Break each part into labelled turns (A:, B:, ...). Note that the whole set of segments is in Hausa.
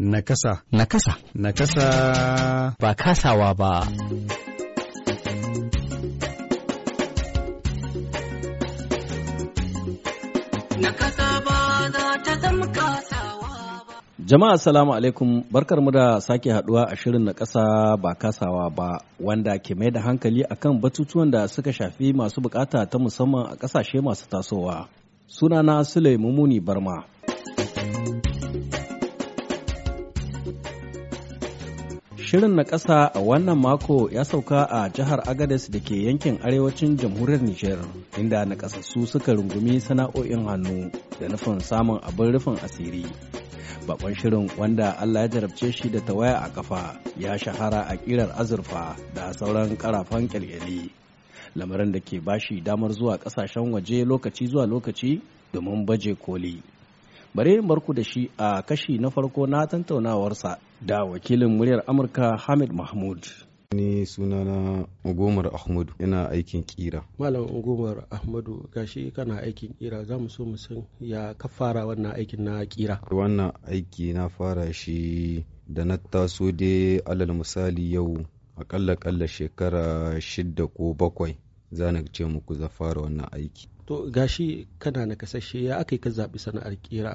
A: Nakasa. Nakasa. Nakasa. Ba kasawa ba.
B: Nakasa ba za ta zama kasawa
C: ba. Jama'a salamu alaikum barkar mu da sake haduwa a shirin na ƙasa ba kasawa ba wanda ke mai da hankali akan batutuwan da suka shafi masu bukata ta musamman a ƙasashe masu tasowa. Sunana Sule Mumuni Barma. Shirin na ƙasa a wannan mako ya sauka a jihar Agadez da ke yankin arewacin jamhuriyar Nijar, inda su suka rungumi sana'o'in hannu da nufin samun abin rufin asiri. Baƙon shirin wanda Allah ya jarabce shi da tawaya a kafa ya shahara a ƙirar azurfa da sauran ƙarafan kyalkyali. Lamarin da ke bashi damar zuwa ƙasashen waje lokaci zuwa lokaci domin baje koli. Bare, barku da shi a kashi na farko na tantaunawarsa da wakilin muryar amurka
A: hamid mahmud ni sunana ugomar Ahmadu yana aikin kira.
B: Malam ugomar Ahmadu gashi kana aikin kira za mu so mu san
A: ya ka fara wannan aikin na kira. Wannan aiki na fara shi da na taso dai alal misali yau akalla kalla shekara shidda ko bakwai za na ce muku za fara wannan aiki. to gashi
B: kana na kasashe ya aka yi ka zaɓi sana'ar kira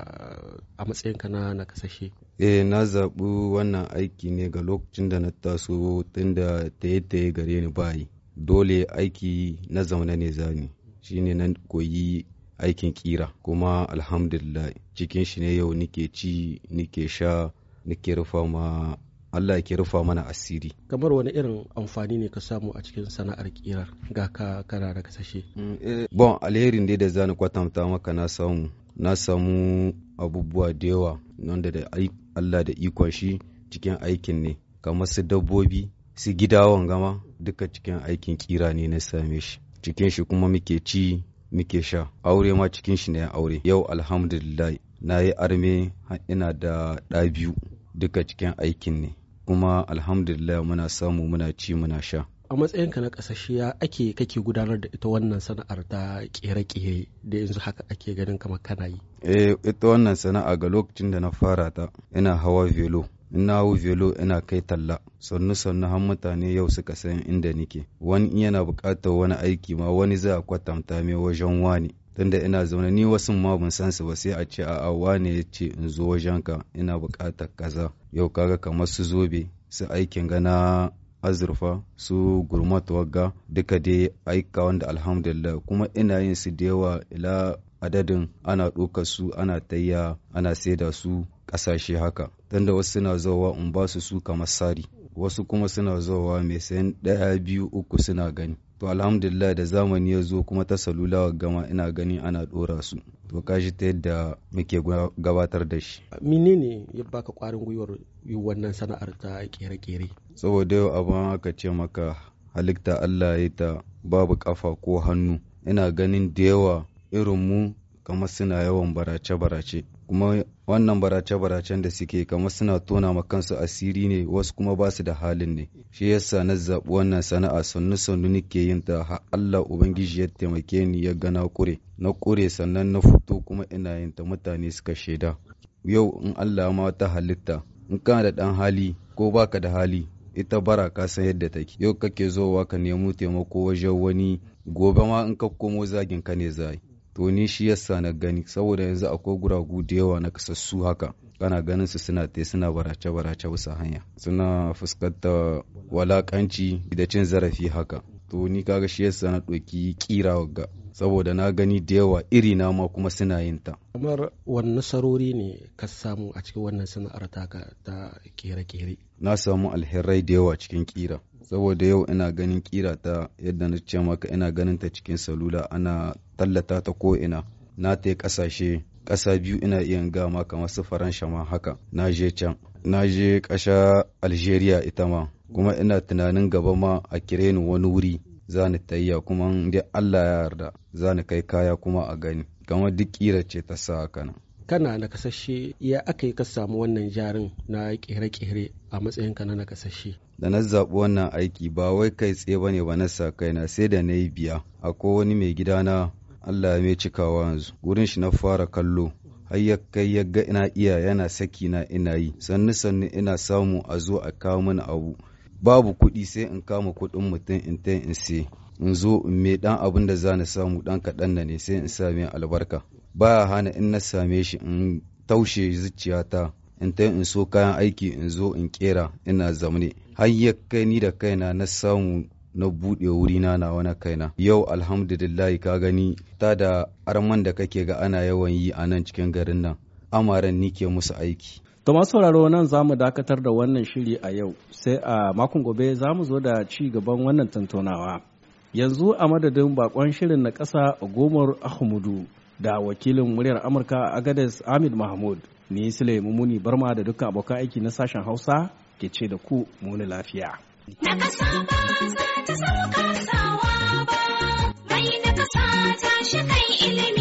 B: a matsayin kana na kasashe.
A: eh na zaɓi wannan aiki ne ga lokacin da na taso tunda taye-taye gare ni bayi dole aiki na zaune ne zani ne na koyi aikin kira kuma alhamdulillah cikin shi ne yau nike ci nike sha nike rufa ma Allah ke rufa mana asiri.
B: Kamar wani irin amfani ne ka samu a cikin sana'ar kirar ga ka kana da kasashe. Mm,
A: eh, bon alherin dai da zani kwatanta maka na samu na samu abubuwa da yawa wanda da Allah da ikon shi cikin aikin ne kamar su dabbobi su gidawan gama duka cikin aikin kira ne na same shi cikin shi kuma muke ci muke sha aure ma cikin shi ne aure yau alhamdulillah na yi arme ina da ɗa biyu duka cikin aikin ne kuma alhamdulillah muna samu muna ci muna sha
C: a
B: matsayinka na kasashiya ake kake gudanar da ita wannan sana'ar ta kere-kere da yanzu haka ake ganin kama kana yi
A: eh ita wannan sana'a ga lokacin da na fara ta ina hawa velo ina hau velo ina kai talla sannu sannu har mutane yau suka san inda nike wani yana buƙatar wani aiki ma wani za a kwatanta mai wajen wani tunda ina zaune ni wasu ma ban san su ba sai a ce a'a wane ya ce in zo wajenka ina buƙatar kaza yau kaga kamar su zobe su aikin gana azurfa su gurmat wagga duka dai aika wanda alhamdulillah kuma ina yin su da yawa ila adadin ana ɗaukar su ana tayya ana saida su ƙasashe haka tunda wasu suna zowa in ba su su kamar sari wasu kuma suna zowa mai sayan ɗaya biyu uku suna gani to alhamdulillah da zamani ya zo kuma ta salula gama ina gani ana dora su to kashi ta yadda muke gabatar da shi
B: menene ya baka kwarin gwiwar wannan sana'ar ta kere-kere
A: saboda yau abin aka ce maka halitta Allah ya ta babu kafa ko hannu ina ganin da yawa irin mu kamar suna yawan barace-barace kuma wannan barace-baracen da suke kamar suna tona ma kansu asiri ne wasu kuma ba su da halin ne shi yasa na zaɓi wannan sana'a sannu sannu nake yin ta har Allah ubangiji ya taimake ni ya gana kure na kure sannan na fito kuma ina yin ta mutane suka shaida yau in Allah ma ta halitta in kana da ɗan hali ko baka da hali ita bara ka san yadda take yau kake zowa ka nemo taimako wajen wani gobe ma in ka komo zagin ka ne zai to ni shi yasa na gani saboda yanzu akwai guragu da yawa na kasassu haka kana ganin su suna te suna barace barace wasu hanya suna fuskantar walakanci da cin zarafi haka to ni kaga shi yasa na ɗauki kira ga saboda na gani da yawa iri na ma kuma suna yin ta
B: kamar wani nasarori ne ka samu a cikin wannan sana'ar taka ta kere-kere
A: na samu alherai da yawa cikin kira saboda yau ina ganin kira ta yadda na ce maka ina ganin ta cikin salula ana tallata ta ko ina na ta yi kasashe ƙasa biyu ina iya gama kamar su faransha ma haka na je can na je kasha algeria ita ma kuma ina tunanin gaba ma a kire ni wani wuri za ni tayya kuma dai allah ya yarda za ni kai kaya kuma a gani kamar duk ƙira ce ta sa haka nan
B: kana kasashe ya aka yi ka samu wannan jarin na kere-kere a matsayin ka na nakasashe
A: da na zaɓi wannan aiki ba wai kai tsaye ba ne ba na sa kaina sai da na yi biya akwai wani mai gida na Allah ya mai cikawa yanzu Wurin shi na fara kallo har ya kai ya ga ina iya yana saki na ina yi sannu sannu ina samu a zo a kawo mana abu babu kuɗi sai in kama kuɗin mutum in ta in sai in zo in me dan abin da za na samu dan kaɗan na ne sai in sa mai albarka ba hana in na same shi in taushe zuciyata in ta in so kayan aiki in zo in kera ina zamani. har ya kai ni da kaina na samu na buɗe wurina na wani kaina yau alhamdulillahi ka gani ta da arman da kake ga ana yawan yi a nan cikin garin nan amaran ni ke musu aiki To masu sauraro nan
C: za mu dakatar da wannan shiri a yau sai a makon gobe za mu zo da ci gaban wannan tantonawa. Yanzu a madadin bakon shirin na ƙasa gomar Ahmudu da wakilin muryar Amurka a Agades Ahmed Mahmud. Ni Sule Mumuni Barma da dukkan abokan aiki na sashen Hausa ke ce da ku muni lafiya.
A: Na ba za ta sawa ba, mai ta shi ilimi.